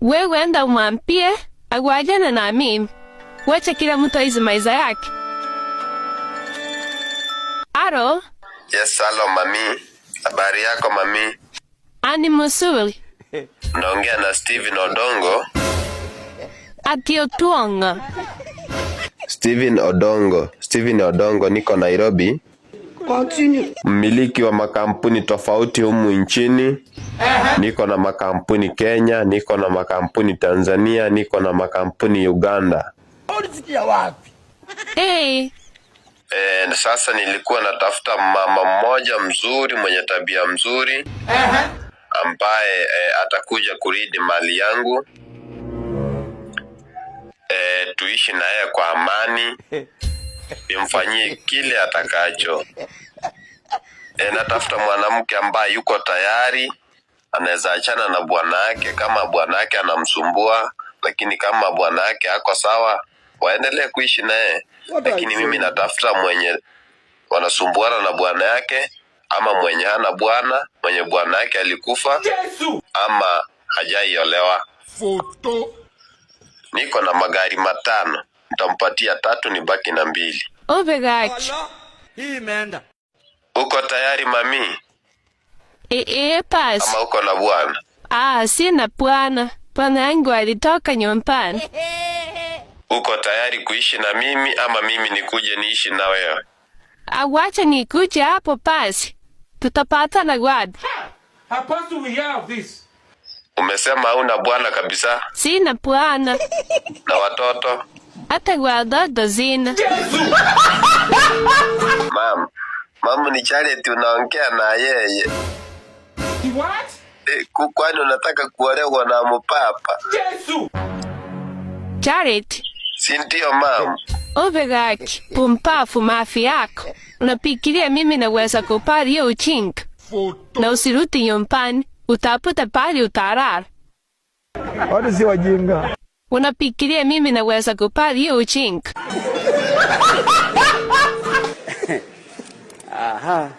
wewe enda umwambie agwajane na mimi, wacha kila mtu aize maisha yake. Aro? Yes, alo mami, habari yako mami? Ani musuli naongea na Steven Odongo. Atiotuongo. Steven Odongo, Steven Odongo, niko Nairobi. Continue. Mmiliki wa makampuni tofauti humu nchini niko na makampuni Kenya, niko na makampuni Tanzania, niko na makampuni Uganda. Ulisikia wapi? Hey. E, sasa nilikuwa natafuta mama mmoja mzuri mwenye tabia mzuri ambaye e, atakuja kuridi mali yangu e, tuishi yeye kwa amani, nimfanyie kile atakacho. E, natafuta mwanamke ambaye yuko tayari anaweza achana na bwana yake kama bwana yake anamsumbua, lakini kama bwana yake ako sawa, waendelee kuishi naye. Lakini mimi natafuta mwenye wanasumbuana na bwana yake, ama mwenye hana bwana, mwenye bwana yake alikufa ama hajaiolewa. Niko na magari matano, nitampatia tatu, ni baki na mbili. Oh Uko tayari mami? E, e, pas. Ama uko na bwana? Ah, sina bwana. Bwana yangu alitoka nyumbani. Uko tayari kuishi na mimi ama mimi nikuje niishi na wewe? Awacha ah, nikuje hapo Tutapata na Tutapatana wapi? Hapaswi we have this. Umesema hauna bwana kabisa? Sina bwana. Na watoto? Hata watoto sina. Mam, mamu ni Charity unaongea na yeye. What? Eh, kwani unataka kuolewa na mupapa? Yesu. Jared. Si ndio mama? Overreact, pumpafu mafi yako. Unapikiria mimi naweza kupari hiyo uchinga. Na usiruti nyumbani, utaputa pari utarara. Watu si wajinga. Unapikiria mimi naweza kupari hiyo uchinga. Aha.